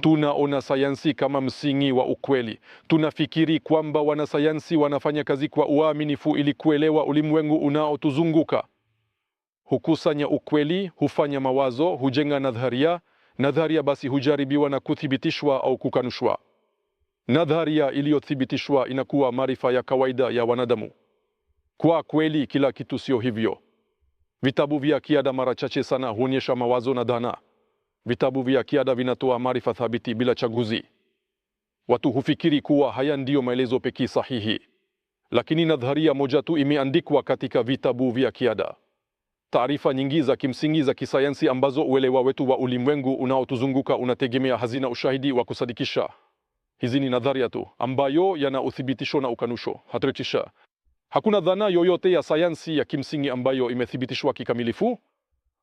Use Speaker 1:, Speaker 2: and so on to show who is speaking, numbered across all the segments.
Speaker 1: Tuna sayansi kama msingi wa ukweli. Tunafikiri kwamba wanasayansi wanafanya kazi kwa uaminifu ili kuelewa ulimwengu unaotuzunguka. Hukusanya ukweli, hufanya mawazo, hujenga nadharia. Nadharia basi hujaribiwa na kuthibitishwa au kukanushwa. Nadharia iliyothibitishwa inakuwa maarifa ya kawaida ya wanadamu. Kwa kweli, kila kitu sio hivyo. Vitabu vya kiada mara chache sana huonyesha mawazo na dhana. Vitabu vya kiada vinatoa maarifa thabiti bila chaguzi. Watu hufikiri kuwa haya ndiyo maelezo pekee sahihi, lakini nadharia moja tu imeandikwa katika vitabu vya kiada. Taarifa nyingi za kimsingi za kisayansi ambazo uelewa wetu wa ulimwengu unaotuzunguka unategemea hazina ushahidi wa kusadikisha. Hizi ni nadharia tu ambayo yana uthibitisho na ukanusho. Hataritisha,
Speaker 2: hakuna dhana yoyote ya sayansi ya kimsingi ambayo imethibitishwa kikamilifu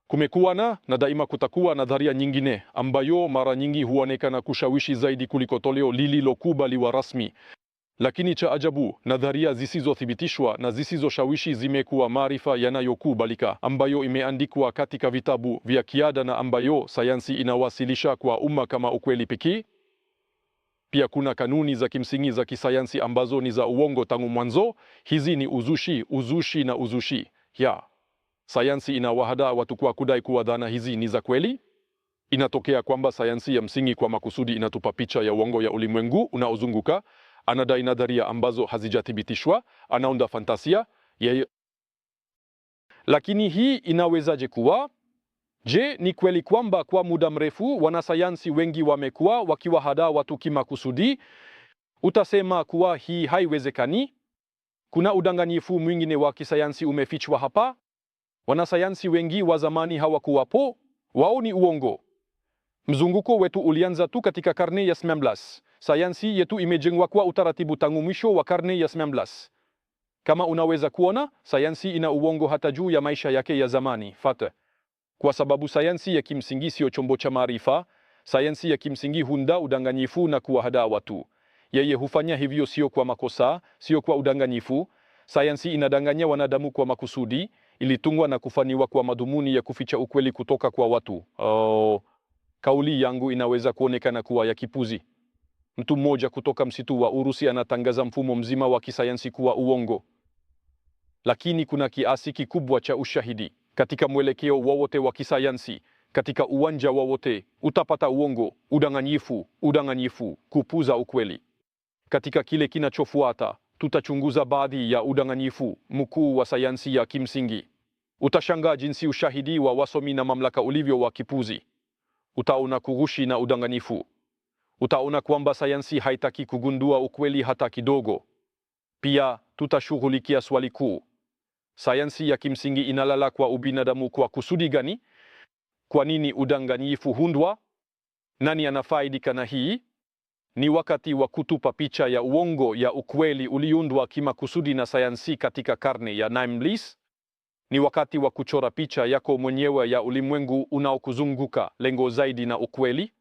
Speaker 2: Kumekuwa na na daima kutakuwa nadharia nyingine ambayo mara nyingi huonekana kushawishi zaidi kuliko toleo lililokubaliwa rasmi. Lakini cha ajabu, nadharia zisizothibitishwa na zisizoshawishi zimekuwa maarifa yanayokubalika ambayo imeandikwa katika vitabu vya kiada na ambayo sayansi inawasilisha kwa umma kama ukweli pekee. Pia kuna kanuni za kimsingi za kisayansi ambazo ni za uongo tangu mwanzo. Hizi ni uzushi, uzushi na uzushi ya sayansi wahada watu kwa kudai kuwa dhana hizi ni za kweli. Inatokea kwamba sayansi ya msingi kwa makusudi inatupa picha ya uongo ya ulimwengu unaozunguka. Anadai nadharia ambazo hazijathibitishwa, anaunda fantasia yeye.
Speaker 3: Lakini hii inawezaje kuwa? Je, ni kweli kwamba kwa muda mrefu wanasayansi wengi wamekuwa wakiwahada watu kimakusudi? Utasema kuwa hii haiwezekani. Kuna udanganyifu mwingine wa kisayansi umefichwa hapa. Wanasayansi wengi wa zamani hawakuwapo, wao ni uongo. Mzunguko wetu ulianza tu katika karne ya 19. Sayansi yetu imejengwa kwa utaratibu tangu mwisho wa karne ya 19. Kama unaweza kuona, sayansi ina uongo hata juu ya maisha yake ya zamani fate, kwa sababu sayansi ya kimsingi sio chombo cha maarifa. Sayansi ya kimsingi hunda udanganyifu na kuwahadaa watu. Yeye hufanya hivyo sio kwa makosa, sio kwa udanganyifu. Sayansi inadanganya wanadamu kwa makusudi ilitungwa na kufaniwa kwa madhumuni ya kuficha ukweli kutoka kwa watu.
Speaker 4: Uh, kauli yangu inaweza kuonekana kuwa ya kipuzi. Mtu mmoja kutoka msitu wa Urusi anatangaza mfumo mzima wa kisayansi kuwa uongo, lakini kuna kiasi kikubwa cha ushahidi katika mwelekeo wowote wa kisayansi. Katika uwanja wowote utapata uongo, udanganyifu, udanganyifu, kupuza ukweli. Katika kile kinachofuata tutachunguza baadhi ya udanganyifu mkuu wa sayansi ya kimsingi. Utashangaa jinsi ushahidi wa wasomi na mamlaka ulivyo wa kipuzi. Utaona kughushi na udanganyifu. Utaona kwamba sayansi haitaki kugundua ukweli hata kidogo. Pia tutashughulikia swali kuu: sayansi ya kimsingi inalala kwa ubinadamu kwa kusudi gani? Kwa nini udanganyifu hundwa? Nani anafaidika na hii? Ni wakati wa kutupa picha ya uongo ya ukweli uliundwa kimakusudi na sayansi katika karne ya Naimlis. Ni wakati wa kuchora picha yako mwenyewe ya ulimwengu unaokuzunguka, lengo zaidi na ukweli.